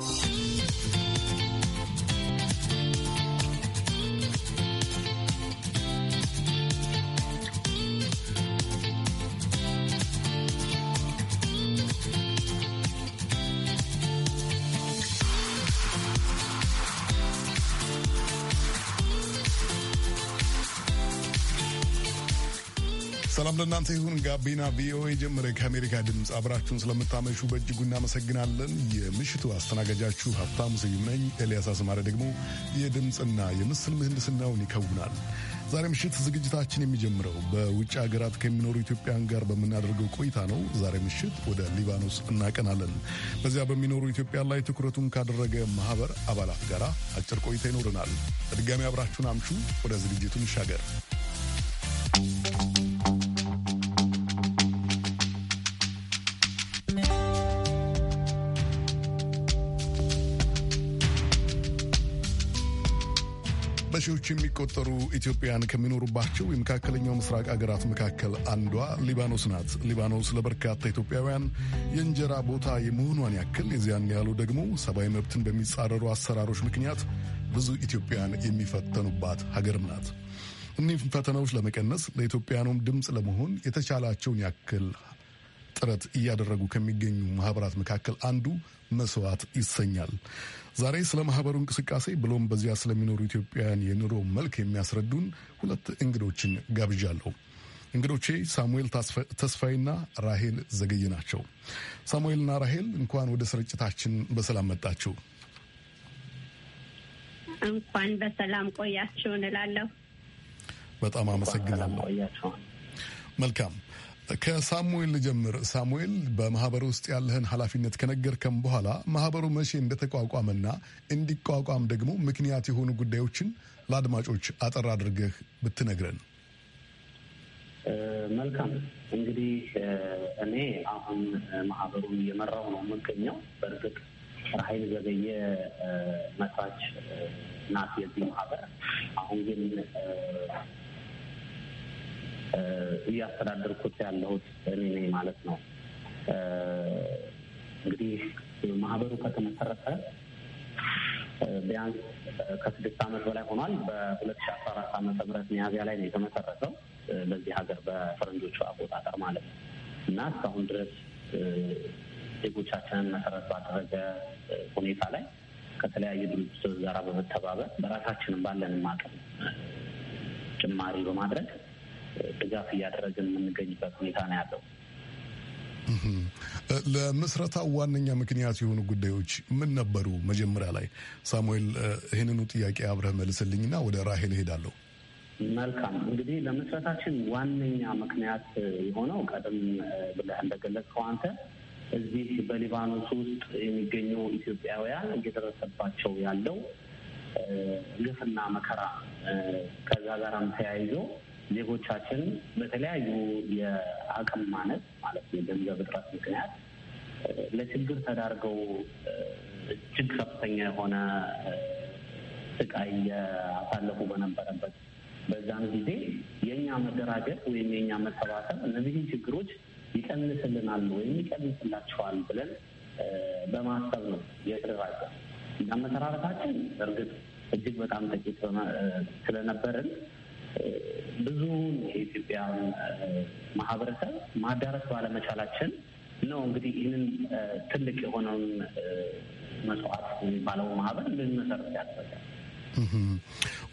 you ሰላም ለእናንተ ይሁን። ጋቢና ቪኦኤ ጀመረ። ከአሜሪካ ድምፅ አብራችሁን ስለምታመሹ በእጅጉ እናመሰግናለን። የምሽቱ አስተናጋጃችሁ ሀብታሙ ስዩም ነኝ። ኤልያስ አስማረ ደግሞ የድምፅና የምስል ምህንድስናውን ይከውናል። ዛሬ ምሽት ዝግጅታችን የሚጀምረው በውጭ ሀገራት ከሚኖሩ ኢትዮጵያን ጋር በምናደርገው ቆይታ ነው። ዛሬ ምሽት ወደ ሊባኖስ እናቀናለን። በዚያ በሚኖሩ ኢትዮጵያ ላይ ትኩረቱን ካደረገ ማህበር አባላት ጋር አጭር ቆይታ ይኖረናል። በድጋሚ አብራችሁን አምሹ። ወደ ዝግጅቱ እንሻገር። በሺዎች የሚቆጠሩ ኢትዮጵያን ከሚኖሩባቸው የመካከለኛው ምስራቅ አገራት መካከል አንዷ ሊባኖስ ናት። ሊባኖስ ለበርካታ ኢትዮጵያውያን የእንጀራ ቦታ የመሆኗን ያክል የዚያን ያሉ ደግሞ ሰብአዊ መብትን በሚጻረሩ አሰራሮች ምክንያት ብዙ ኢትዮጵያን የሚፈተኑባት ሀገርም ናት። እኒህ ፈተናዎች ለመቀነስ ለኢትዮጵያኑም ድምፅ ለመሆን የተቻላቸውን ያክል ጥረት እያደረጉ ከሚገኙ ማህበራት መካከል አንዱ መስዋዕት ይሰኛል። ዛሬ ስለ ማህበሩ እንቅስቃሴ ብሎም በዚያ ስለሚኖሩ ኢትዮጵያውያን የኑሮ መልክ የሚያስረዱን ሁለት እንግዶችን ጋብዣለሁ። እንግዶቼ ሳሙኤል ተስፋይና ራሄል ዘገይ ናቸው። ሳሙኤልና ራሄል እንኳን ወደ ስርጭታችን በሰላም መጣችሁ። እንኳን በሰላም ቆያችሁ እላለሁ። በጣም አመሰግናለሁ። መልካም ከሳሙኤል ልጀምር። ሳሙኤል በማህበር ውስጥ ያለህን ኃላፊነት ከነገርከም በኋላ ማህበሩ መቼ እንደተቋቋመና እንዲቋቋም ደግሞ ምክንያት የሆኑ ጉዳዮችን ለአድማጮች አጠር አድርገህ ብትነግረን። መልካም እንግዲህ እኔ አሁን ማህበሩን እየመራው ነው የምገኘው። በእርግጥ ራሀይል ዘገየ መስራች ናት የዚህ ማህበር አሁን ግን እያስተዳደርኩት ያለሁት እኔ ነኝ ማለት ነው። እንግዲህ ማህበሩ ከተመሰረተ ቢያንስ ከስድስት ዓመት በላይ ሆኗል። በሁለት ሺ አስራ አራት ዓመተ ምህረት ሚያዝያ ላይ ነው የተመሰረተው በዚህ ሀገር በፈረንጆቹ አቆጣጠር ማለት ነው እና እስካሁን ድረስ ዜጎቻችንን መሰረት ባደረገ ሁኔታ ላይ ከተለያዩ ድርጅቶች ጋር በመተባበር በራሳችንም ባለንም አቅም ጭማሪ በማድረግ ድጋፍ እያደረግን የምንገኝበት ሁኔታ ነው ያለው። ለምስረታው ዋነኛ ምክንያት የሆኑ ጉዳዮች ምን ነበሩ? መጀመሪያ ላይ ሳሙኤል ይህንኑ ጥያቄ አብረህ መልስልኝና ወደ ራሄል እሄዳለሁ። መልካም እንግዲህ ለመስረታችን ዋነኛ ምክንያት የሆነው ቀደም ብለህ እንደገለጽከው አንተ እዚህ በሊባኖስ ውስጥ የሚገኙ ኢትዮጵያውያን እየደረሰባቸው ያለው ግፍና መከራ ከዛ ጋራም ተያይዞ ዜጎቻችን በተለያዩ የአቅም ማነት ማለት የገንዘብ እጥረት ምክንያት ለችግር ተዳርገው እጅግ ከፍተኛ የሆነ ስቃይ እያሳለፉ በነበረበት በዛም ጊዜ የእኛ መደራጀት ወይም የእኛ መሰባሰብ እነዚህን ችግሮች ይቀንስልናል ወይም ይቀንስላቸዋል ብለን በማሰብ ነው የተደራጀ እና መሰራረታችን እርግጥ እጅግ በጣም ጥቂት ስለነበርን ብዙውን የኢትዮጵያን ማህበረሰብ ማዳረስ ባለመቻላችን ነው እንግዲህ ይህንን ትልቅ የሆነውን መስዋዕት የሚባለው ማህበር ልንመሰረት ያስፈልጋል።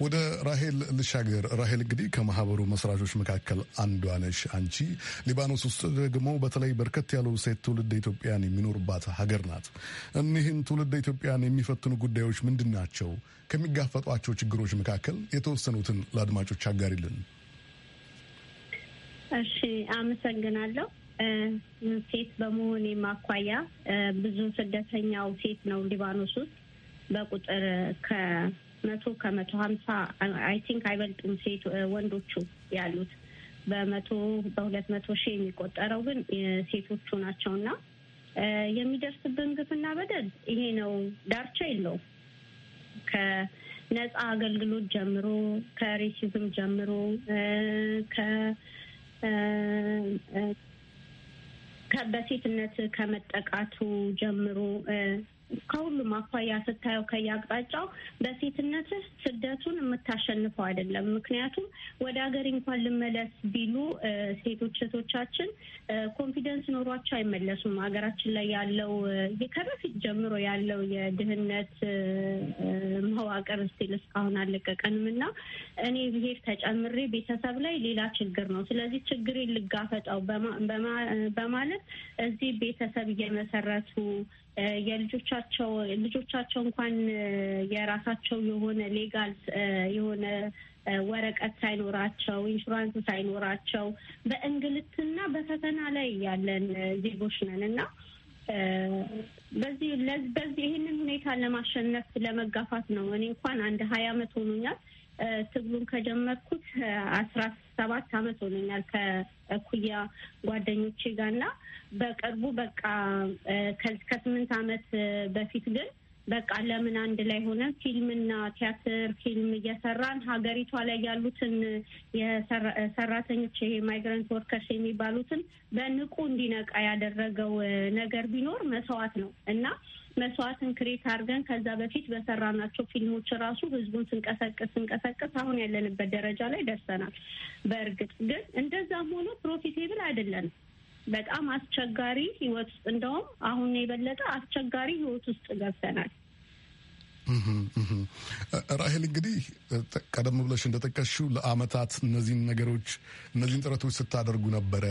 ወደ ራሄል ልሻገር። ራሄል እንግዲህ ከማህበሩ መስራቾች መካከል አንዷ ነሽ አንቺ። ሊባኖስ ውስጥ ደግሞ በተለይ በርከት ያሉ ሴት ትውልድ ኢትዮጵያን የሚኖርባት ሀገር ናት። እኒህን ትውልድ ኢትዮጵያን የሚፈትኑ ጉዳዮች ምንድን ናቸው? ከሚጋፈጧቸው ችግሮች መካከል የተወሰኑትን ለአድማጮች አጋሪልን። እሺ፣ አመሰግናለሁ። ሴት በመሆኔ ማኳያ ብዙ ስደተኛው ሴት ነው ሊባኖስ ውስጥ በቁጥር መቶ ከመቶ ሀምሳ አይ ቲንክ አይበልጡም ሴት ወንዶቹ ያሉት በመቶ በሁለት መቶ ሺህ የሚቆጠረው ግን ሴቶቹ ናቸው እና የሚደርስብን ግፍና በደል ይሄ ነው። ዳርቻ የለውም። ከነፃ አገልግሎት ጀምሮ ከሬሲዝም ጀምሮ በሴትነት ከመጠቃቱ ጀምሮ ከሁሉም አኳያ ስታየው ከየአቅጣጫው በሴትነትህ ስደቱን የምታሸንፈው አይደለም። ምክንያቱም ወደ ሀገር እንኳን ልመለስ ቢሉ ሴቶች እህቶቻችን ኮንፊደንስ ኖሯቸው አይመለሱም። ሀገራችን ላይ ያለው ከበፊት ጀምሮ ያለው የድህነት መዋቅር ስቲል እስካሁን አልለቀቀንም እና እኔ ብሄር ተጨምሬ ቤተሰብ ላይ ሌላ ችግር ነው። ስለዚህ ችግሬን ልጋፈጠው በማለት እዚህ ቤተሰብ እየመሰረቱ የልጆቻቸው ልጆቻቸው እንኳን የራሳቸው የሆነ ሌጋል የሆነ ወረቀት ሳይኖራቸው ኢንሹራንስ ሳይኖራቸው በእንግልትና በፈተና ላይ ያለን ዜጎች ነን እና በዚህ ለዚህ ይህንን ሁኔታ ለማሸነፍ ለመጋፋት ነው። እኔ እንኳን አንድ ሀያ አመት ሆኖኛል። ትግሉን ከጀመርኩት አስራ ሰባት አመት ሆነኛል ከእኩያ ጓደኞቼ ጋርና በቅርቡ በቃ ከስምንት አመት በፊት ግን በቃ ለምን አንድ ላይ ሆነን ፊልምና ቲያትር ፊልም እየሰራን ሀገሪቷ ላይ ያሉትን የሰራተኞች ይሄ ማይግራንት ወርከርስ የሚባሉትን በንቁ እንዲነቃ ያደረገው ነገር ቢኖር መስዋዕት ነው እና መስዋዕትን ክሬት አድርገን ከዛ በፊት በሰራናቸው ፊልሞች ራሱ ህዝቡን ስንቀሰቅስ ስንቀሰቅስ አሁን ያለንበት ደረጃ ላይ ደርሰናል። በእርግጥ ግን እንደዛም ሆኖ ፕሮፊቴብል አይደለንም። በጣም አስቸጋሪ ህይወት ውስጥ እንደውም አሁን የበለጠ አስቸጋሪ ህይወት ውስጥ ገብተናል። ራሄል እንግዲህ ቀደም ብለሽ እንደጠቀሽው ለአመታት እነዚህን ነገሮች እነዚህን ጥረቶች ስታደርጉ ነበረ።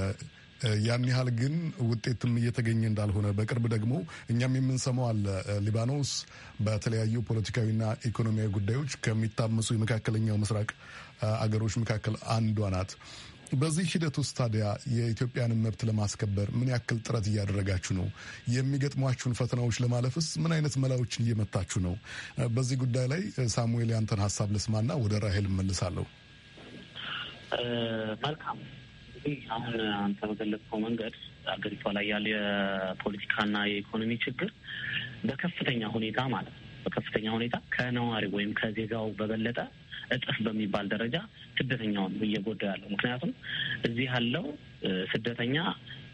ያን ያህል ግን ውጤትም እየተገኘ እንዳልሆነ በቅርብ ደግሞ እኛም የምንሰማው አለ። ሊባኖስ በተለያዩ ፖለቲካዊና ኢኮኖሚያዊ ጉዳዮች ከሚታመሱ የመካከለኛው ምስራቅ አገሮች መካከል አንዷ ናት። በዚህ ሂደት ውስጥ ታዲያ የኢትዮጵያንን መብት ለማስከበር ምን ያክል ጥረት እያደረጋችሁ ነው? የሚገጥሟችሁን ፈተናዎች ለማለፍስ ምን አይነት መላዎችን እየመታችሁ ነው? በዚህ ጉዳይ ላይ ሳሙኤል ያንተን ሀሳብ ልስማና ወደ ራሄል እመልሳለሁ። መልካም ግን አሁን አንተ በገለጽከው መንገድ አገሪቷ ላይ ያለ የፖለቲካና የኢኮኖሚ ችግር በከፍተኛ ሁኔታ ማለት ነው በከፍተኛ ሁኔታ ከነዋሪ ወይም ከዜጋው በበለጠ እጥፍ በሚባል ደረጃ ስደተኛውን እየጎዳ ያለው ምክንያቱም እዚህ ያለው ስደተኛ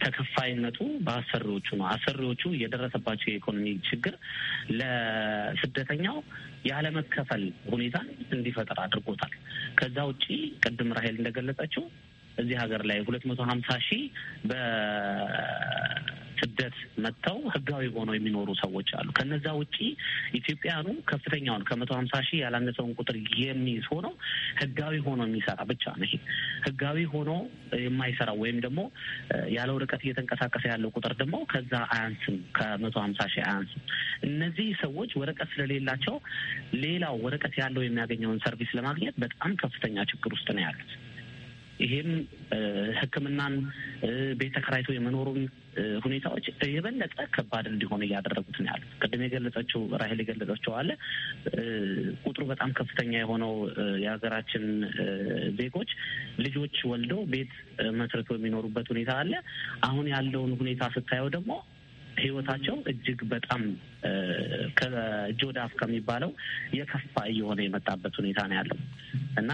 ተከፋይነቱ በአሰሪዎቹ ነው። አሰሪዎቹ የደረሰባቸው የኢኮኖሚ ችግር ለስደተኛው ያለመከፈል ሁኔታን እንዲፈጠር አድርጎታል። ከዛ ውጪ ቅድም ራሄል እንደገለጸችው እዚህ ሀገር ላይ ሁለት መቶ ሀምሳ ሺህ በስደት መጥተው ህጋዊ ሆነው የሚኖሩ ሰዎች አሉ። ከነዛ ውጪ ኢትዮጵያኑ ከፍተኛውን ከመቶ ሀምሳ ሺህ ያላነሰውን ቁጥር የሚይዝ ሆነው ህጋዊ ሆኖ የሚሰራ ብቻ ነው። ይሄ ህጋዊ ሆኖ የማይሰራው ወይም ደግሞ ያለ ወረቀት እየተንቀሳቀሰ ያለው ቁጥር ደግሞ ከዛ አያንስም፣ ከመቶ ሀምሳ ሺህ አያንስም። እነዚህ ሰዎች ወረቀት ስለሌላቸው ሌላው ወረቀት ያለው የሚያገኘውን ሰርቪስ ለማግኘት በጣም ከፍተኛ ችግር ውስጥ ነው ያሉት። ይሄም ሕክምናን ቤት ተከራይቶ የመኖሩን ሁኔታዎች የበለጠ ከባድ እንዲሆን እያደረጉት ነው ያሉት። ቅድም የገለጸችው ራሄል የገለጸችው አለ ቁጥሩ በጣም ከፍተኛ የሆነው የሀገራችን ዜጎች ልጆች ወልደው ቤት መስርቶ የሚኖሩበት ሁኔታ አለ። አሁን ያለውን ሁኔታ ስታየው ደግሞ ህይወታቸው እጅግ በጣም ከእጅ ወደ አፍ ከሚባለው የከፋ እየሆነ የመጣበት ሁኔታ ነው ያለው እና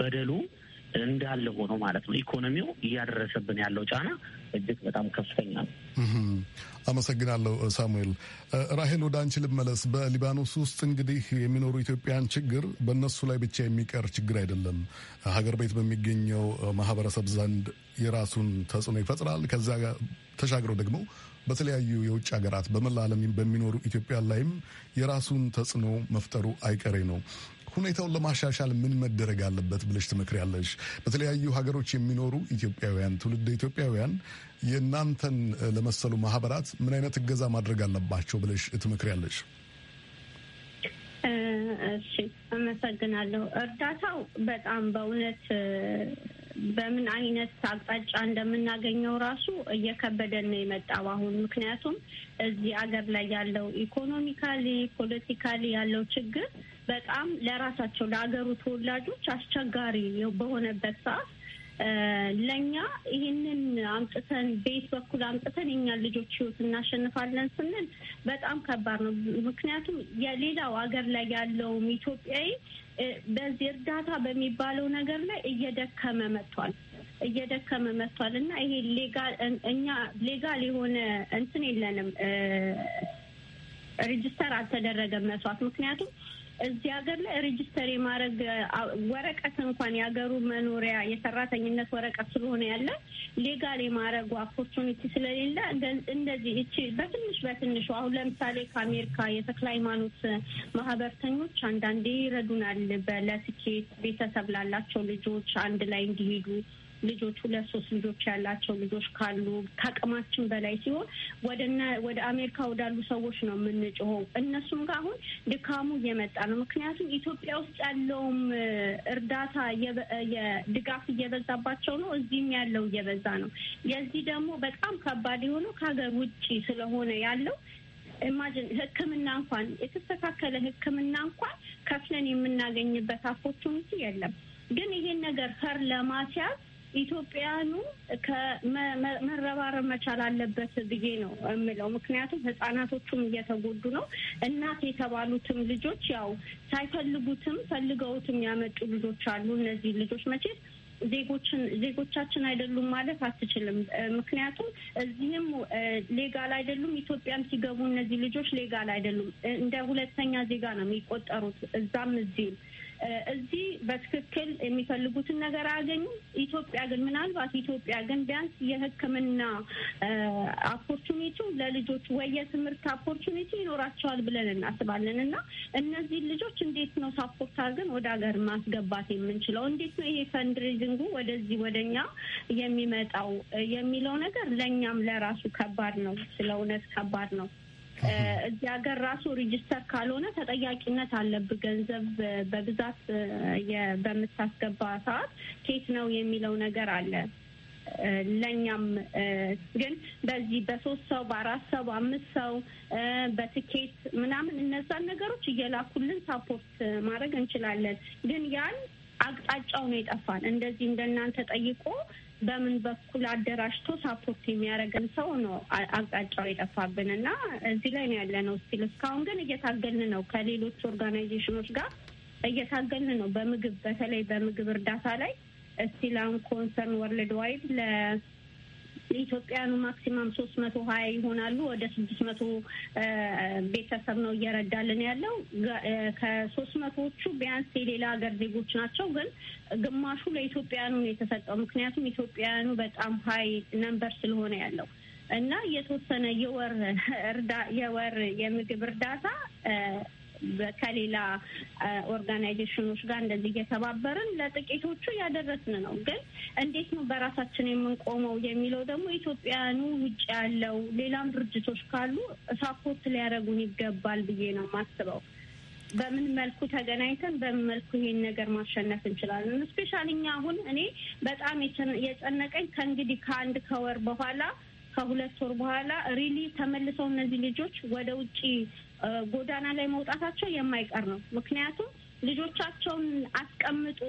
በደሉ እንዳለ ሆኖ ማለት ነው ኢኮኖሚው እያደረሰብን ያለው ጫና እጅግ በጣም ከፍተኛ ነው። አመሰግናለሁ ሳሙኤል። ራሄል ወደ አንቺ ልመለስ። በሊባኖስ ውስጥ እንግዲህ የሚኖሩ ኢትዮጵያን ችግር በእነሱ ላይ ብቻ የሚቀር ችግር አይደለም። ሀገር ቤት በሚገኘው ማህበረሰብ ዘንድ የራሱን ተጽዕኖ ይፈጥራል። ከዚያ ጋር ተሻግረው ደግሞ በተለያዩ የውጭ ሀገራት በመላ ዓለም በሚኖሩ ኢትዮጵያን ላይም የራሱን ተጽዕኖ መፍጠሩ አይቀሬ ነው። ሁኔታውን ለማሻሻል ምን መደረግ አለበት ብለሽ ትመክሪያለሽ? በተለያዩ ሀገሮች የሚኖሩ ኢትዮጵያውያን፣ ትውልድ ኢትዮጵያውያን የእናንተን ለመሰሉ ማህበራት ምን አይነት እገዛ ማድረግ አለባቸው ብለሽ ትመክሪያለሽ? እሺ፣ አመሰግናለሁ። እርዳታው በጣም በእውነት በምን አይነት አቅጣጫ እንደምናገኘው ራሱ እየከበደን ነው የመጣው አሁን። ምክንያቱም እዚህ አገር ላይ ያለው ኢኮኖሚካሊ ፖለቲካሊ ያለው ችግር በጣም ለራሳቸው ለሀገሩ ተወላጆች አስቸጋሪ በሆነበት ሰዓት ለእኛ ይህንን አምጥተን ቤት በኩል አምጥተን የኛ ልጆች ህይወት እናሸንፋለን ስንል በጣም ከባድ ነው። ምክንያቱም የሌላው ሀገር ላይ ያለውም ኢትዮጵያዊ በዚህ እርዳታ በሚባለው ነገር ላይ እየደከመ መጥቷል እየደከመ መጥቷል እና ይሄ ሌጋል እኛ ሌጋል የሆነ እንትን የለንም ሬጅስተር አልተደረገም መስዋዕት ምክንያቱም እዚህ ሀገር ላይ ሬጅስተር የማድረግ ወረቀት እንኳን የሀገሩ መኖሪያ የሰራተኝነት ወረቀት ስለሆነ ያለ ሌጋል የማድረጉ አፖርቹኒቲ ስለሌለ እንደዚህ እቺ በትንሽ በትንሹ አሁን ለምሳሌ ከአሜሪካ የተክለ ሃይማኖት ማህበርተኞች አንዳንዴ ይረዱናል። ለስኬት ቤተሰብ ላላቸው ልጆች አንድ ላይ እንዲሄዱ ልጆች ሁለት ሶስት ልጆች ያላቸው ልጆች ካሉ ከአቅማችን በላይ ሲሆን ወደና ወደ አሜሪካ ወዳሉ ሰዎች ነው የምንጮኸው። እነሱም ጋር አሁን ድካሙ እየመጣ ነው። ምክንያቱም ኢትዮጵያ ውስጥ ያለውም እርዳታ ድጋፍ እየበዛባቸው ነው። እዚህም ያለው እየበዛ ነው። የዚህ ደግሞ በጣም ከባድ የሆነው ከሀገር ውጭ ስለሆነ ያለው ኢማጂን ሕክምና እንኳን የተስተካከለ ሕክምና እንኳን ከፍለን የምናገኝበት አፖርቹኒቲ የለም። ግን ይሄን ነገር ፈር ለማስያዝ ኢትዮጵያኑ መረባረብ መቻል አለበት ብዬ ነው የምለው። ምክንያቱም ህጻናቶቹም እየተጎዱ ነው። እናት የተባሉትም ልጆች ያው ሳይፈልጉትም ፈልገውትም ያመጡ ልጆች አሉ። እነዚህ ልጆች መቼት ዜጎችን ዜጎቻችን አይደሉም ማለት አትችልም። ምክንያቱም እዚህም ሌጋል አይደሉም፣ ኢትዮጵያም ሲገቡ እነዚህ ልጆች ሌጋል አይደሉም። እንደ ሁለተኛ ዜጋ ነው የሚቆጠሩት እዛም እዚህም እዚህ በትክክል የሚፈልጉትን ነገር አያገኙም። ኢትዮጵያ ግን ምናልባት ኢትዮጵያ ግን ቢያንስ የሕክምና አፖርቹኒቲው ለልጆች ወይ የትምህርት አፖርቹኒቲ ይኖራቸዋል ብለን እናስባለን እና እነዚህን ልጆች እንዴት ነው ሳፖርት አድርገን ወደ ሀገር ማስገባት የምንችለው? እንዴት ነው ይሄ ፈንድሬዚንጉ ወደዚህ ወደኛ የሚመጣው የሚለው ነገር ለእኛም ለራሱ ከባድ ነው፣ ስለ እውነት ከባድ ነው። እዚያ ሀገር ራሱ ሪጅስተር ካልሆነ ተጠያቂነት አለብ ገንዘብ በብዛት በምታስገባ ሰዓት ኬት ነው የሚለው ነገር አለ። ለእኛም ግን በዚህ በሶስት ሰው በአራት ሰው በአምስት ሰው በትኬት ምናምን እነዛን ነገሮች እየላኩልን ሳፖርት ማድረግ እንችላለን። ግን ያን አቅጣጫው ነው የጠፋን። እንደዚህ እንደናንተ ጠይቆ በምን በኩል አደራጅቶ ሳፖርት የሚያደርገን ሰው ነው አቅጣጫው የጠፋብን እና እዚህ ላይ ነው ያለ ነው ስቲል እስካሁን ግን እየታገልን ነው ከሌሎች ኦርጋናይዜሽኖች ጋር እየታገልን ነው በምግብ በተለይ በምግብ እርዳታ ላይ ስቲል አሁን ኮንሰርን ወርልድ ዋይድ ለ የኢትዮጵያኑ ማክሲማም ሶስት መቶ ሀያ ይሆናሉ። ወደ ስድስት መቶ ቤተሰብ ነው እየረዳልን ያለው። ከሶስት መቶዎቹ ቢያንስ የሌላ ሀገር ዜጎች ናቸው፣ ግን ግማሹ ለኢትዮጵያውያኑ ነው የተሰጠው። ምክንያቱም ኢትዮጵያኑ በጣም ሀይ ነንበር ስለሆነ ያለው እና የተወሰነ የወር የወር የምግብ እርዳታ ከሌላ ኦርጋናይዜሽኖች ጋር እንደዚህ እየተባበርን ለጥቂቶቹ እያደረስን ነው። ግን እንዴት ነው በራሳችን የምንቆመው የሚለው ደግሞ ኢትዮጵያኑ ውጭ ያለው ሌላም ድርጅቶች ካሉ ሳፖርት ሊያደርጉን ይገባል ብዬ ነው የማስበው። በምን መልኩ ተገናኝተን በምን መልኩ ይሄን ነገር ማሸነፍ እንችላለን? ስፔሻል እኛ አሁን እኔ በጣም የጨነቀኝ ከእንግዲህ ከአንድ ከወር በኋላ ከሁለት ወር በኋላ ሪሊ ተመልሰው እነዚህ ልጆች ወደ ውጭ ጎዳና ላይ መውጣታቸው የማይቀር ነው። ምክንያቱም ልጆቻቸውን አስቀምጦ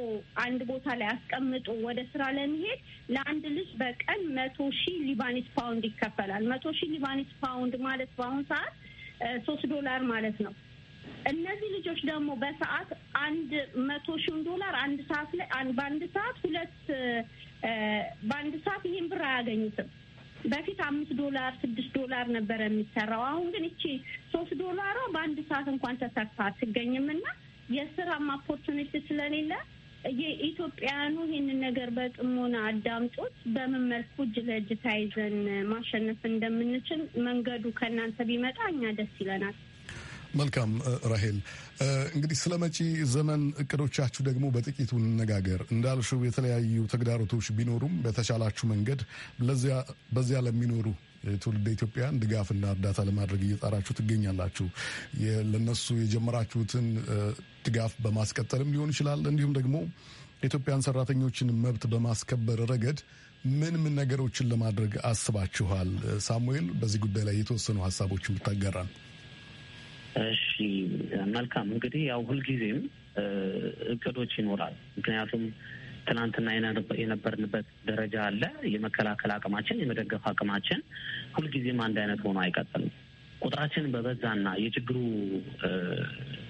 አንድ ቦታ ላይ አስቀምጦ ወደ ስራ ለመሄድ ለአንድ ልጅ በቀን መቶ ሺህ ሊባኒስ ፓውንድ ይከፈላል። መቶ ሺህ ሊባኒስ ፓውንድ ማለት በአሁኑ ሰዓት ሶስት ዶላር ማለት ነው። እነዚህ ልጆች ደግሞ በሰዓት አንድ መቶ ሺውን ዶላር አንድ ሰዓት ላይ በአንድ ሰዓት ሁለት በአንድ ሰዓት ይህን ብር አያገኙትም። በፊት አምስት ዶላር ስድስት ዶላር ነበረ የሚሰራው። አሁን ግን እቺ ሶስት ዶላሯ በአንድ ሰዓት እንኳን ተሰርታ አትገኝም እና የስራም ኦፖርቹኒቲ ስለሌለ የኢትዮጵያውያኑ ይህንን ነገር በጥሞና አዳምጦት በምን መልኩ እጅ ለእጅ ታይዘን ማሸነፍ እንደምንችል መንገዱ ከእናንተ ቢመጣ እኛ ደስ ይለናል። መልካም ራሄል፣ እንግዲህ ስለ መጪ ዘመን እቅዶቻችሁ ደግሞ በጥቂቱ እንነጋገር። እንዳልሽው የተለያዩ ተግዳሮቶች ቢኖሩም በተቻላችሁ መንገድ በዚያ ለሚኖሩ ትውልደ ኢትዮጵያን ድጋፍና እርዳታ ለማድረግ እየጣራችሁ ትገኛላችሁ። ለነሱ የጀመራችሁትን ድጋፍ በማስቀጠልም ሊሆን ይችላል። እንዲሁም ደግሞ የኢትዮጵያን ሰራተኞችን መብት በማስከበር ረገድ ምን ምን ነገሮችን ለማድረግ አስባችኋል? ሳሙኤል፣ በዚህ ጉዳይ ላይ የተወሰኑ ሀሳቦችን ብታጋራን። እሺ መልካም እንግዲህ ያው ሁልጊዜም እቅዶች ይኖራል። ምክንያቱም ትናንትና የነበርንበት ደረጃ አለ። የመከላከል አቅማችን፣ የመደገፍ አቅማችን ሁልጊዜም አንድ አይነት ሆኖ አይቀጥልም። ቁጥራችን በበዛና የችግሩ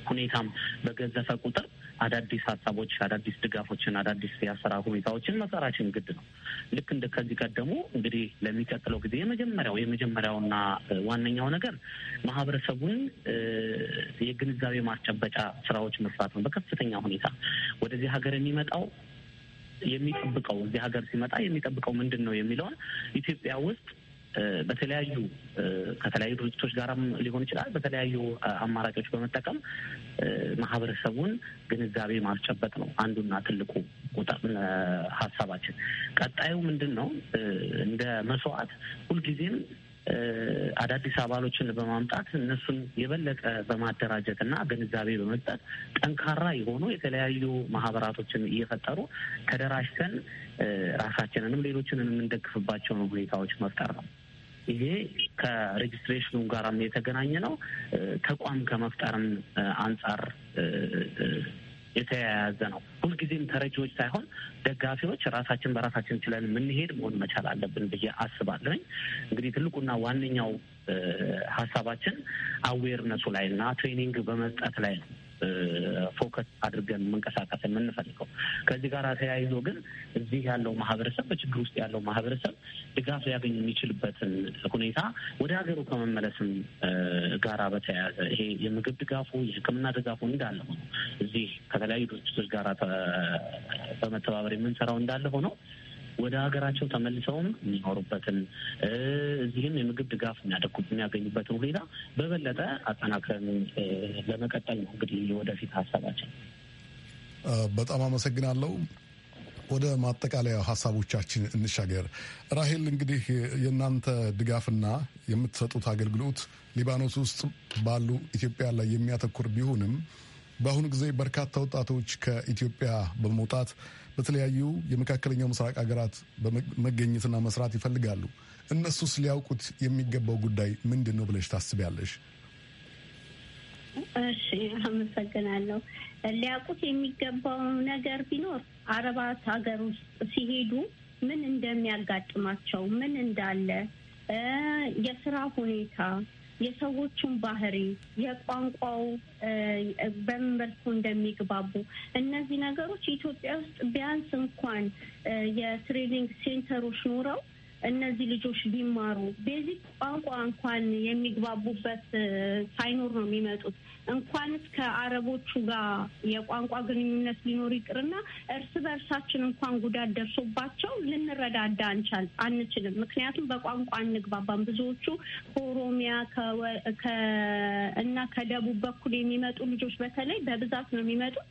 ሁኔታም በገዘፈ ቁጥር አዳዲስ ሀሳቦች፣ አዳዲስ ድጋፎችን፣ አዳዲስ የአሰራር ሁኔታዎችን መሰራችን ግድ ነው። ልክ እንደ ከዚህ ቀደሙ እንግዲህ ለሚቀጥለው ጊዜ የመጀመሪያው የመጀመሪያውና ዋነኛው ነገር ማህበረሰቡን የግንዛቤ ማስጨበጫ ስራዎች መስራት ነው። በከፍተኛ ሁኔታ ወደዚህ ሀገር የሚመጣው የሚጠብቀው እዚህ ሀገር ሲመጣ የሚጠብቀው ምንድን ነው የሚለውን ኢትዮጵያ ውስጥ በተለያዩ ከተለያዩ ድርጅቶች ጋራም ሊሆን ይችላል። በተለያዩ አማራጮች በመጠቀም ማህበረሰቡን ግንዛቤ ማስጨበጥ ነው አንዱና ትልቁ ሀሳባችን። ቀጣዩ ምንድን ነው? እንደ መስዋዕት ሁልጊዜም አዳዲስ አባሎችን በማምጣት እነሱን የበለጠ በማደራጀት እና ግንዛቤ በመስጠት ጠንካራ የሆኑ የተለያዩ ማህበራቶችን እየፈጠሩ ተደራጅተን ራሳችንንም ሌሎችን የምንደግፍባቸውን ሁኔታዎች መፍጠር ነው። ይሄ ከሬጅስትሬሽኑ ጋርም የተገናኘ ነው። ተቋም ከመፍጠርም አንጻር የተያያዘ ነው። ሁልጊዜም ተረጂዎች ሳይሆን ደጋፊዎች ራሳችን በራሳችን ችለን የምንሄድ መሆን መቻል አለብን ብዬ አስባለኝ። እንግዲህ ትልቁና ዋነኛው ሀሳባችን አዌርነሱ ላይ እና ትሬኒንግ በመስጠት ላይ ነው። ፎከስ አድርገን መንቀሳቀስ የምንፈልገው። ከዚህ ጋር ተያይዞ ግን እዚህ ያለው ማህበረሰብ በችግር ውስጥ ያለው ማህበረሰብ ድጋፍ ሊያገኝ የሚችልበትን ሁኔታ ወደ ሀገሩ ከመመለስም ጋራ በተያያዘ ይሄ የምግብ ድጋፉ የሕክምና ድጋፉ እንዳለ ሆኖ እዚህ ከተለያዩ ድርጅቶች ጋር በመተባበር የምንሰራው እንዳለ ሆኖ ወደ ሀገራቸው ተመልሰውም የሚኖሩበትን እዚህም የምግብ ድጋፍ የሚያገኙበትን ሁኔታ በበለጠ አጠናክረን ለመቀጠል ነው እንግዲህ ወደፊት ሀሳባችን። በጣም አመሰግናለሁ። ወደ ማጠቃለያ ሀሳቦቻችን እንሻገር። ራሄል እንግዲህ የእናንተ ድጋፍና የምትሰጡት አገልግሎት ሊባኖስ ውስጥ ባሉ ኢትዮጵያ ላይ የሚያተኩር ቢሆንም በአሁኑ ጊዜ በርካታ ወጣቶች ከኢትዮጵያ በመውጣት በተለያዩ የመካከለኛው ምስራቅ ሀገራት መገኘትና መስራት ይፈልጋሉ። እነሱስ ሊያውቁት የሚገባው ጉዳይ ምንድን ነው ብለሽ ታስቢያለሽ? እሺ፣ አመሰግናለሁ። ሊያውቁት የሚገባው ነገር ቢኖር አረባት ሀገር ውስጥ ሲሄዱ ምን እንደሚያጋጥማቸው ምን እንዳለ የስራ ሁኔታ የሰዎቹን ባህሪ፣ የቋንቋው በምን መልኩ እንደሚግባቡ እነዚህ ነገሮች ኢትዮጵያ ውስጥ ቢያንስ እንኳን የትሬኒንግ ሴንተሮች ኖረው እነዚህ ልጆች ቢማሩ ቤዚክ ቋንቋ እንኳን የሚግባቡበት ሳይኖር ነው የሚመጡት። እንኳንስ ከአረቦቹ ጋር የቋንቋ ግንኙነት ሊኖር ይቅርና እርስ በእርሳችን እንኳን ጉዳት ደርሶባቸው ልንረዳዳ አንቻል አንችልም። ምክንያቱም በቋንቋ አንግባባም። ብዙዎቹ ከኦሮሚያ እና ከደቡብ በኩል የሚመጡ ልጆች በተለይ በብዛት ነው የሚመጡት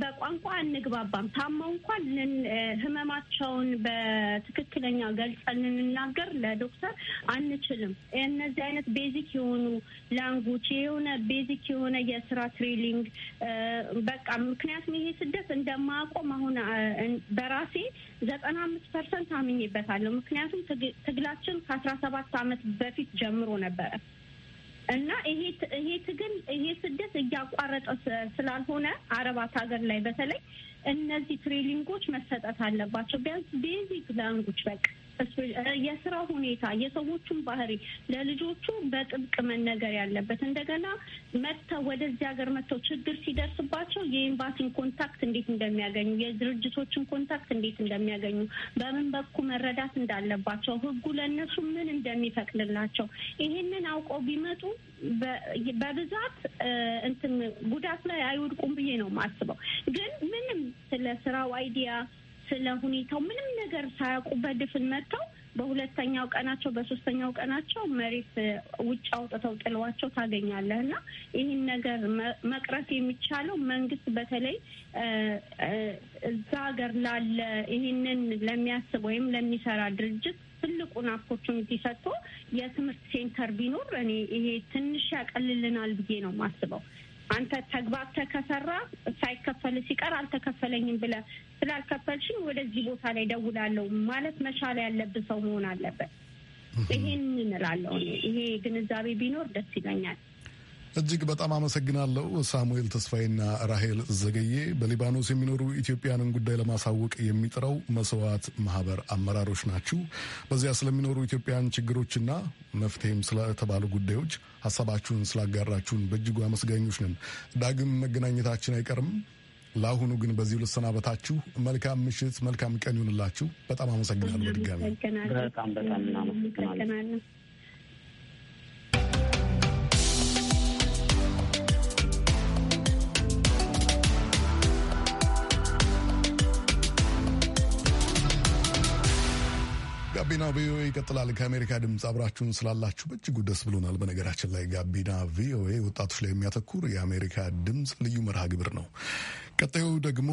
በቋንቋ አንግባባም። ታመው እንኳን ህመማቸውን በትክክለኛ ገልጸን ልንናገር ለዶክተር አንችልም። እነዚህ አይነት ቤዚክ የሆኑ ላንጉች የሆነ ቤዚክ የሆነ የስራ ትሬሊንግ በቃ ምክንያቱም ይሄ ስደት እንደማያቆም አሁን በራሴ ዘጠና አምስት ፐርሰንት አምኜበታለሁ። ምክንያቱም ትግላችን ከአስራ ሰባት አመት በፊት ጀምሮ ነበረ። እና ይሄ ትግል ይሄ ስደት እያቋረጠ ስላልሆነ አረባት ሀገር ላይ በተለይ እነዚህ ትሬሊንጎች መሰጠት አለባቸው። ቢያንስ ቤዚክ ላንጉጅ በቃ የስራ ሁኔታ፣ የሰዎቹን ባህሪ ለልጆቹ በጥብቅ መነገር ያለበት እንደገና መጥተው ወደዚህ ሀገር መጥተው ችግር ሲደርስባቸው የኤምባሲን ኮንታክት እንዴት እንደሚያገኙ፣ የድርጅቶችን ኮንታክት እንዴት እንደሚያገኙ፣ በምን በኩል መረዳት እንዳለባቸው፣ ህጉ ለእነሱ ምን እንደሚፈቅድላቸው ይህንን አውቀው ቢመጡ በብዛት እንትን ጉዳት ላይ አይወድቁም ብዬ ነው የማስበው። ግን ምንም ስለ ስራው አይዲያ ስለ ሁኔታው ምንም ነገር ሳያውቁ በድፍን መጥተው በሁለተኛው ቀናቸው በሶስተኛው ቀናቸው መሬት ውጭ አውጥተው ጥለዋቸው ታገኛለህ እና ይህን ነገር መቅረፍ የሚቻለው መንግስት በተለይ እዛ ሀገር ላለ ይህንን ለሚያስብ ወይም ለሚሰራ ድርጅት ትልቁን አፖርቹኒቲ ሰጥቶ የትምህርት ሴንተር ቢኖር እኔ ይሄ ትንሽ ያቀልልናል ብዬ ነው የማስበው። አንተ ተግባብተህ ከሰራ ሳይከፈል ሲቀር አልተከፈለኝም ብለህ ስላልከፈልሽኝ ወደዚህ ቦታ ላይ ደውላለሁ ማለት መቻል ያለብህ ሰው መሆን አለበት። ይሄን እንላለሁ። ይሄ ግንዛቤ ቢኖር ደስ ይለኛል። እጅግ በጣም አመሰግናለሁ። ሳሙኤል ተስፋዬና ራሄል ዘገዬ በሊባኖስ የሚኖሩ ኢትዮጵያንን ጉዳይ ለማሳወቅ የሚጥረው መስዋዕት ማህበር አመራሮች ናችሁ። በዚያ ስለሚኖሩ ኢትዮጵያን ችግሮችና መፍትሄም ስለተባሉ ጉዳዮች ሀሳባችሁን ስላጋራችሁን በእጅጉ አመስጋኞች ነን። ዳግም መገናኘታችን አይቀርም። ለአሁኑ ግን በዚህ ልሰናበታችሁ። መልካም ምሽት፣ መልካም ቀን ይሁንላችሁ። በጣም አመሰግናለሁ። በድጋሚ በጣም በጣም እናመሰግናለን። ጋቢና ቪኦኤ ይቀጥላል። ከአሜሪካ ድምፅ አብራችሁን ስላላችሁ በእጅጉ ደስ ብሎናል። በነገራችን ላይ ጋቢና ቪኦኤ ወጣቶች ላይ የሚያተኩር የአሜሪካ ድምፅ ልዩ መርሃ ግብር ነው። ቀጣዩ ደግሞ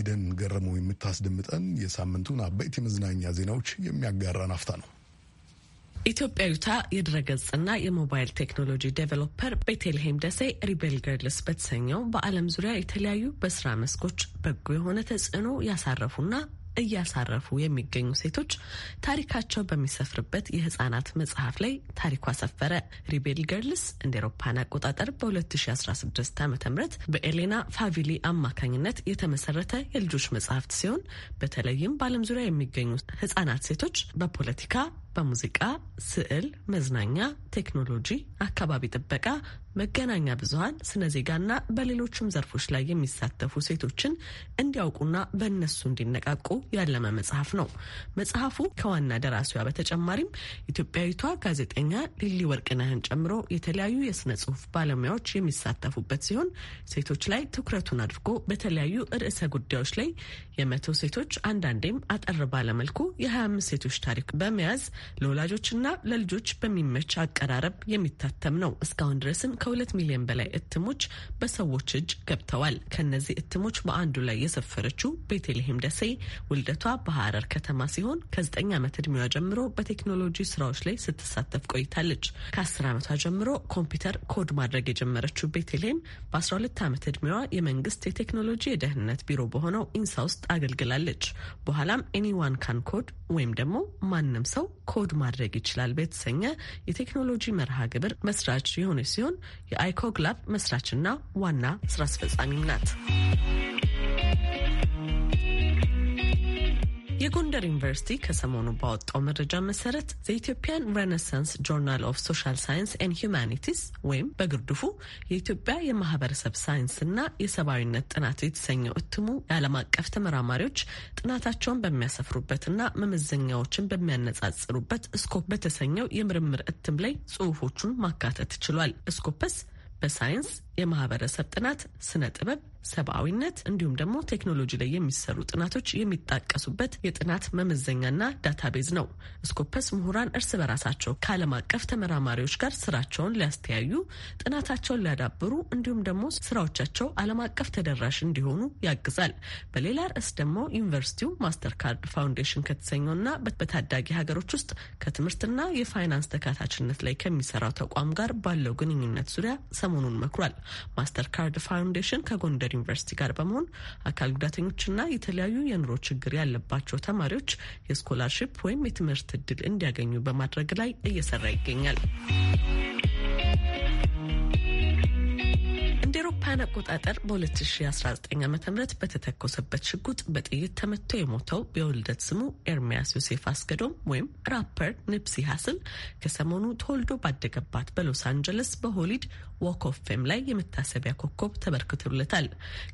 ኤደን ገረመው የምታስደምጠን የሳምንቱን አበይት የመዝናኛ ዜናዎች የሚያጋራን አፍታ ነው። ኢትዮጵያዊቷ የድረገጽና የሞባይል ቴክኖሎጂ ዴቨሎፐር ቤቴልሄም ደሴ ሪቤል ገርልስ በተሰኘው በዓለም ዙሪያ የተለያዩ በስራ መስኮች በጎ የሆነ ተጽዕኖ ያሳረፉና እያሳረፉ የሚገኙ ሴቶች ታሪካቸው በሚሰፍርበት የህጻናት መጽሐፍ ላይ ታሪኳ ሰፈረ። ሪቤል ገርልስ እንደ ኤሮፓን አቆጣጠር በ2016 ዓ ም በኤሌና ፋቪሊ አማካኝነት የተመሰረተ የልጆች መጽሐፍት ሲሆን በተለይም በዓለም ዙሪያ የሚገኙ ህጻናት ሴቶች በፖለቲካ በሙዚቃ፣ ስዕል፣ መዝናኛ፣ ቴክኖሎጂ፣ አካባቢ ጥበቃ፣ መገናኛ ብዙሀን ስነ ዜጋና በሌሎችም ዘርፎች ላይ የሚሳተፉ ሴቶችን እንዲያውቁና በእነሱ እንዲነቃቁ ያለመ መጽሐፍ ነው። መጽሐፉ ከዋና ደራሲዋ በተጨማሪም ኢትዮጵያዊቷ ጋዜጠኛ ሊሊ ወርቅነህን ጨምሮ የተለያዩ የስነ ጽሁፍ ባለሙያዎች የሚሳተፉበት ሲሆን ሴቶች ላይ ትኩረቱን አድርጎ በተለያዩ ርዕሰ ጉዳዮች ላይ የመቶ ሴቶች አንዳንዴም አጠር ባለመልኩ የ25 ሴቶች ታሪክ በመያዝ ለወላጆችና ለልጆች በሚመች አቀራረብ የሚታተም ነው። እስካሁን ድረስም ከ ከሁለት ሚሊዮን በላይ እትሞች በሰዎች እጅ ገብተዋል። ከነዚህ እትሞች በአንዱ ላይ የሰፈረችው ቤተልሔም ደሴ ውልደቷ በሐረር ከተማ ሲሆን ከዘጠኝ ዓመት እድሜዋ ጀምሮ በቴክኖሎጂ ስራዎች ላይ ስትሳተፍ ቆይታለች። ከአስር ዓመቷ ጀምሮ ኮምፒውተር ኮድ ማድረግ የጀመረችው ቤተልሔም በ12 ዓመት እድሜዋ የመንግስት የቴክኖሎጂ የደህንነት ቢሮ በሆነው ኢንሳ ውስጥ አገልግላለች። በኋላም ኤኒዋን ካን ኮድ ወይም ደግሞ ማንም ሰው ኮድ ማድረግ ይችላል በተሰኘ የቴክኖሎጂ መርሃ ግብር መስራች የሆነች ሲሆን የአይኮግላብ መስራችና ዋና ስራ አስፈጻሚም ናት። የጎንደር ዩኒቨርሲቲ ከሰሞኑ ባወጣው መረጃ መሰረት ዘኢትዮጵያን ሬኔሳንስ ጆርናል ኦፍ ሶሻል ሳይንስ ኤን ሂውማኒቲስ ወይም በግርድፉ የኢትዮጵያ የማህበረሰብ ሳይንስና የሰብአዊነት ጥናት የተሰኘው እትሙ የዓለም አቀፍ ተመራማሪዎች ጥናታቸውን በሚያሰፍሩበትና መመዘኛዎችን በሚያነጻጽሩበት እስኮፕ በተሰኘው የምርምር እትም ላይ ጽሁፎቹን ማካተት ችሏል። እስኮፐስ በሳይንስ የማህበረሰብ ጥናት፣ ስነ ጥበብ፣ ሰብአዊነት እንዲሁም ደግሞ ቴክኖሎጂ ላይ የሚሰሩ ጥናቶች የሚጣቀሱበት የጥናት መመዘኛና ዳታቤዝ ነው። ስኮፐስ ምሁራን እርስ በራሳቸው ከዓለም አቀፍ ተመራማሪዎች ጋር ስራቸውን ሊያስተያዩ፣ ጥናታቸውን ሊያዳብሩ እንዲሁም ደግሞ ስራዎቻቸው ዓለም አቀፍ ተደራሽ እንዲሆኑ ያግዛል። በሌላ ርዕስ ደግሞ ዩኒቨርሲቲው ማስተር ካርድ ፋውንዴሽን ከተሰኘውና በታዳጊ ሀገሮች ውስጥ ከትምህርትና የፋይናንስ ተካታችነት ላይ ከሚሰራው ተቋም ጋር ባለው ግንኙነት ዙሪያ ሰሞኑን መክሯል። ማስተር ካርድ ፋውንዴሽን ከጎንደር ዩኒቨርሲቲ ጋር በመሆን አካል ጉዳተኞችና የተለያዩ የኑሮ ችግር ያለባቸው ተማሪዎች የስኮላርሽፕ ወይም የትምህርት እድል እንዲያገኙ በማድረግ ላይ እየሰራ ይገኛል። አውሮፓውያን አቆጣጠር በ2019 ዓ ም በተተኮሰበት ሽጉጥ በጥይት ተመቶ የሞተው የውልደት ስሙ ኤርሚያስ ዮሴፍ አስገዶም ወይም ራፐር ኒፕሲ ሀስል ከሰሞኑ ተወልዶ ባደገባት በሎስ አንጀለስ በሆሊድ ዎክ ኦፍ ፌም ላይ የመታሰቢያ ኮከብ ተበርክቶለታል።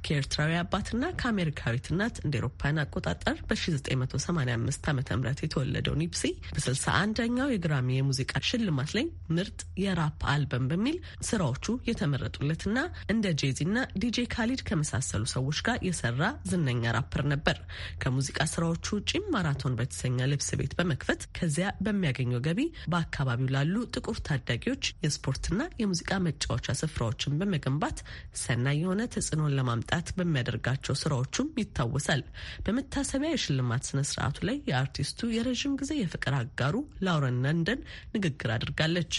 ከኤርትራዊ አባትና ከአሜሪካዊት እናት እንደ ኤሮፓን አቆጣጠር በ1985 ዓ ም የተወለደው ኒፕሲ በ61ኛው የግራሚ የሙዚቃ ሽልማት ላይ ምርጥ የራፕ አልበም በሚል ስራዎቹ የተመረጡለትና እንደ ከጄዚ እና ዲጄ ካሊድ ከመሳሰሉ ሰዎች ጋር የሰራ ዝነኛ ራፐር ነበር። ከሙዚቃ ስራዎቹ ውጪም ማራቶን በተሰኘ ልብስ ቤት በመክፈት ከዚያ በሚያገኘው ገቢ በአካባቢው ላሉ ጥቁር ታዳጊዎች የስፖርትና የሙዚቃ መጫወቻ ስፍራዎችን በመገንባት ሰናይ የሆነ ተጽዕኖን ለማምጣት በሚያደርጋቸው ስራዎቹም ይታወሳል። በመታሰቢያ የሽልማት ስነ ላይ የአርቲስቱ የረዥም ጊዜ የፍቅር አጋሩ ላውረን ነንደን ንግግር አድርጋለች።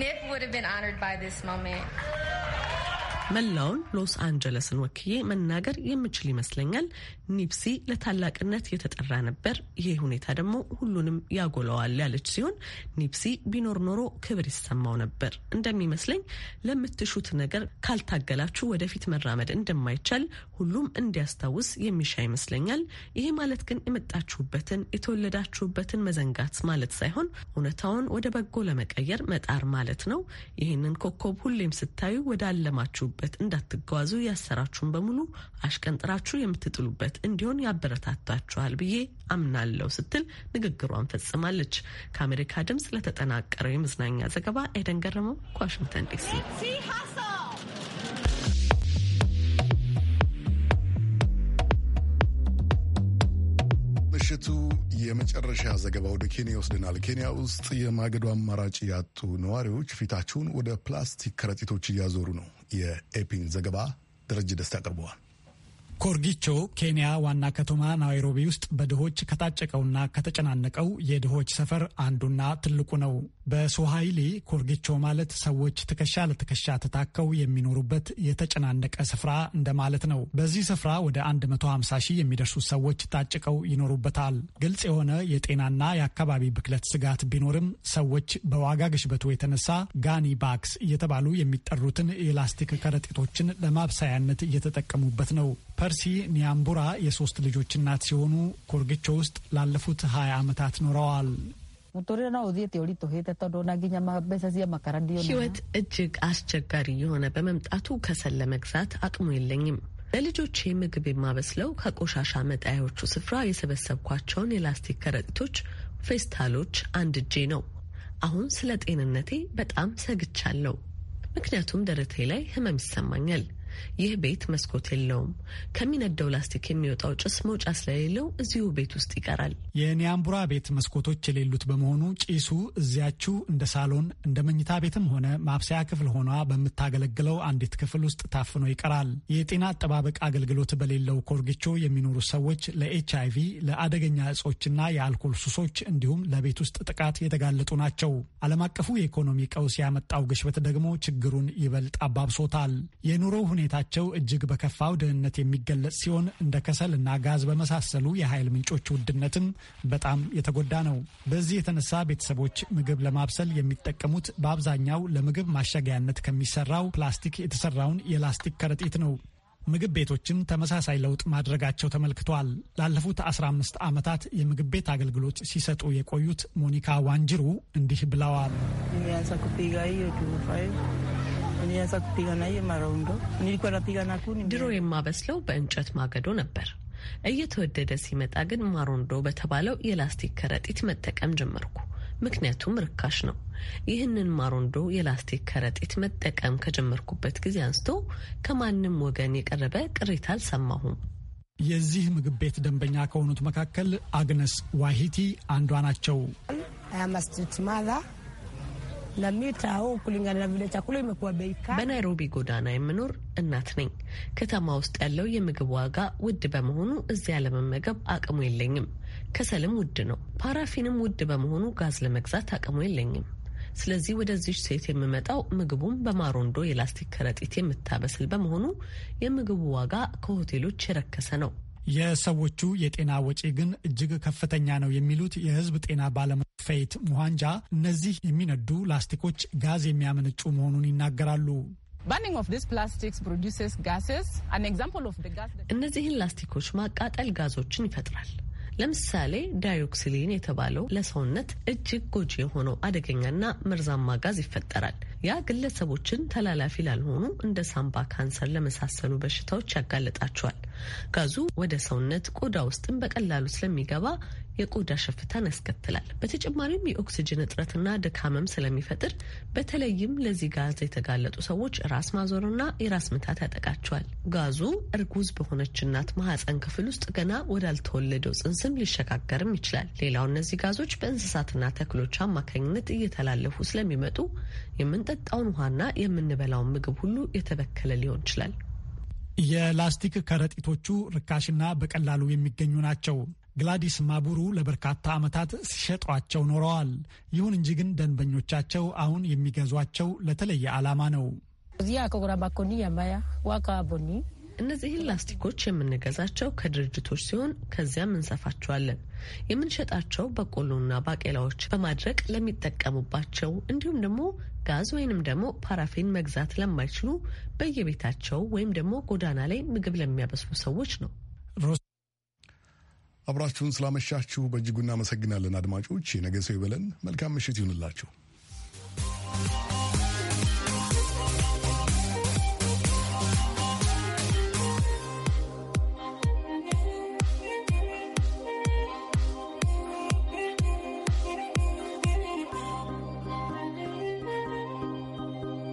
Nip would have been honored by this moment. መላውን ሎስ አንጀለስን ወክዬ መናገር የምችል ይመስለኛል። ኒፕሲ ለታላቅነት የተጠራ ነበር፣ ይሄ ሁኔታ ደግሞ ሁሉንም ያጎለዋል ያለች ሲሆን ኒፕሲ ቢኖር ኖሮ ክብር ይሰማው ነበር። እንደሚመስለኝ ለምትሹት ነገር ካልታገላችሁ ወደፊት መራመድ እንደማይቻል ሁሉም እንዲያስታውስ የሚሻ ይመስለኛል። ይሄ ማለት ግን የመጣችሁበትን የተወለዳችሁበትን መዘንጋት ማለት ሳይሆን እውነታውን ወደ በጎ ለመቀየር መጣር ማለት ነው። ይህንን ኮከብ ሁሌም ስታዩ ወደ አለማችሁ በሄዱበት እንዳትጓዙ ያሰራችሁን በሙሉ አሽቀንጥራችሁ የምትጥሉበት እንዲሆን ያበረታታችኋል ብዬ አምናለሁ ስትል ንግግሯን ፈጽማለች። ከአሜሪካ ድምፅ ለተጠናቀረው የመዝናኛ ዘገባ ኤደን ገረመው ከዋሽንግተን ዲሲ ምሽቱ የመጨረሻ ዘገባ ወደ ኬንያ ይወስደናል። ኬንያ ውስጥ የማገዶ አማራጭ ያጡ ነዋሪዎች ፊታቸውን ወደ ፕላስቲክ ከረጢቶች እያዞሩ ነው። የኤፒን ዘገባ ደረጀ ደስታ ያቀርበዋል። ኮርጊቾ ኬንያ ዋና ከተማ ናይሮቢ ውስጥ በድሆች ከታጨቀውና ከተጨናነቀው የድሆች ሰፈር አንዱና ትልቁ ነው። በሶሃይሊ ኮርጊቾ ማለት ሰዎች ትከሻ ለትከሻ ተታከው የሚኖሩበት የተጨናነቀ ስፍራ እንደማለት ነው። በዚህ ስፍራ ወደ 150 ሺህ የሚደርሱ ሰዎች ታጭቀው ይኖሩበታል። ግልጽ የሆነ የጤናና የአካባቢ ብክለት ስጋት ቢኖርም ሰዎች በዋጋ ግሽበቱ የተነሳ ጋኒ ባክስ እየተባሉ የሚጠሩትን የላስቲክ ከረጢቶችን ለማብሰያነት እየተጠቀሙበት ነው። ፐርሲ ኒያምቡራ የሶስት ልጆች እናት ሲሆኑ ኮርግቾ ውስጥ ላለፉት ሀያ ዓመታት ኖረዋል። ህይወት እጅግ አስቸጋሪ የሆነ በመምጣቱ ከሰል ለመግዛት አቅሙ የለኝም። ለልጆቼ ምግብ የማበስለው ከቆሻሻ መጣያዎቹ ስፍራ የሰበሰብኳቸውን የላስቲክ ከረጢቶች፣ ፌስታሎች አንድ እጄ ነው። አሁን ስለ ጤንነቴ በጣም ሰግቻለሁ፣ ምክንያቱም ደረቴ ላይ ህመም ይሰማኛል። ይህ ቤት መስኮት የለውም። ከሚነደው ላስቲክ የሚወጣው ጭስ መውጫ ስለሌለው እዚሁ ቤት ውስጥ ይቀራል። የኒያምቡራ ቤት መስኮቶች የሌሉት በመሆኑ ጭሱ እዚያችው እንደ ሳሎን እንደ መኝታ ቤትም ሆነ ማብሰያ ክፍል ሆኗ በምታገለግለው አንዲት ክፍል ውስጥ ታፍኖ ይቀራል። የጤና አጠባበቅ አገልግሎት በሌለው ኮርጌቾ የሚኖሩ ሰዎች ለኤች አይ ቪ ለአደገኛ እጾችና የአልኮል ሱሶች እንዲሁም ለቤት ውስጥ ጥቃት የተጋለጡ ናቸው። ዓለም አቀፉ የኢኮኖሚ ቀውስ ያመጣው ግሽበት ደግሞ ችግሩን ይበልጥ አባብሶታል። የኑሮ ሁኔ ሁኔታቸው እጅግ በከፋው ድህነት የሚገለጽ ሲሆን እንደ ከሰል እና ጋዝ በመሳሰሉ የኃይል ምንጮች ውድነትም በጣም የተጎዳ ነው። በዚህ የተነሳ ቤተሰቦች ምግብ ለማብሰል የሚጠቀሙት በአብዛኛው ለምግብ ማሸጊያነት ከሚሰራው ፕላስቲክ የተሰራውን የላስቲክ ከረጢት ነው። ምግብ ቤቶችም ተመሳሳይ ለውጥ ማድረጋቸው ተመልክቷል። ላለፉት 15 ዓመታት የምግብ ቤት አገልግሎት ሲሰጡ የቆዩት ሞኒካ ዋንጅሩ እንዲህ ብለዋል። Unaweza የማበስለው በእንጨት ማገዶ ነበር። እየተወደደ ሲመጣ ግን ማሮንዶ በተባለው የላስቲክ ከረጢት መጠቀም ጀመርኩ። ምክንያቱም ርካሽ ነው። ይህንን ማሮንዶ የላስቲክ ከረጢት መጠቀም ከጀመርኩበት ጊዜ አንስቶ ከማንም ወገን የቀረበ ቅሬታ አልሰማሁም። የዚህ ምግብ ቤት ደንበኛ ከሆኑት መካከል አግነስ ዋሂቲ አንዷ ናቸው። na mita au kulingana na vile chakula imekuwa bei kali. በናይሮቢ ጎዳና የምኖር እናት ነኝ። ከተማ ውስጥ ያለው የምግብ ዋጋ ውድ በመሆኑ እዚያ ለመመገብ አቅሙ የለኝም። ከሰልም ውድ ነው። ፓራፊንም ውድ በመሆኑ ጋዝ ለመግዛት አቅሙ የለኝም። ስለዚህ ወደዚች ሴት የምመጣው ምግቡን በማሮንዶ የላስቲክ ከረጢት የምታበስል በመሆኑ የምግቡ ዋጋ ከሆቴሎች የረከሰ ነው። የሰዎቹ የጤና ወጪ ግን እጅግ ከፍተኛ ነው የሚሉት የህዝብ ጤና ባለሙ ፌት ሙሃንጃ እነዚህ የሚነዱ ላስቲኮች ጋዝ የሚያመነጩ መሆኑን ይናገራሉ። እነዚህን ላስቲኮች ማቃጠል ጋዞችን ይፈጥራል። ለምሳሌ ዳይኦክሲሊን የተባለው ለሰውነት እጅግ ጎጂ የሆነው አደገኛና መርዛማ ጋዝ ይፈጠራል። ያ ግለሰቦችን ተላላፊ ላልሆኑ እንደ ሳምባ ካንሰር ለመሳሰሉ በሽታዎች ያጋለጣቸዋል። ጋዙ ወደ ሰውነት ቆዳ ውስጥም በቀላሉ ስለሚገባ የቆዳ ሽፍታን ያስከትላል። በተጨማሪም የኦክስጅን እጥረትና ድካምም ስለሚፈጥር በተለይም ለዚህ ጋዝ የተጋለጡ ሰዎች ራስ ማዞርና የራስ ምታት ያጠቃቸዋል። ጋዙ እርጉዝ በሆነች እናት ማህፀን ክፍል ውስጥ ገና ወዳልተወለደው ጽንስም ሊሸጋገርም ይችላል። ሌላው እነዚህ ጋዞች በእንስሳትና ተክሎች አማካኝነት እየተላለፉ ስለሚመጡ የምንጠጣውን ውሃና የምንበላውን ምግብ ሁሉ የተበከለ ሊሆን ይችላል። የላስቲክ ከረጢቶቹ ርካሽና በቀላሉ የሚገኙ ናቸው። ግላዲስ ማቡሩ ለበርካታ ዓመታት ሲሸጧቸው ኖረዋል። ይሁን እንጂ ግን ደንበኞቻቸው አሁን የሚገዟቸው ለተለየ ዓላማ ነው። እነዚህን ላስቲኮች የምንገዛቸው ከድርጅቶች ሲሆን ከዚያም እንሰፋቸዋለን። የምንሸጣቸው በቆሎና ባቄላዎች በማድረቅ ለሚጠቀሙባቸው እንዲሁም ደግሞ ጋዝ ወይንም ደግሞ ፓራፊን መግዛት ለማይችሉ በየቤታቸው ወይም ደግሞ ጎዳና ላይ ምግብ ለሚያበስሉ ሰዎች ነው። አብራችሁን ስላመሻችሁ በእጅጉ እናመሰግናለን አድማጮች። የነገ ሰው ይበለን። መልካም ምሽት ይሁንላችሁ።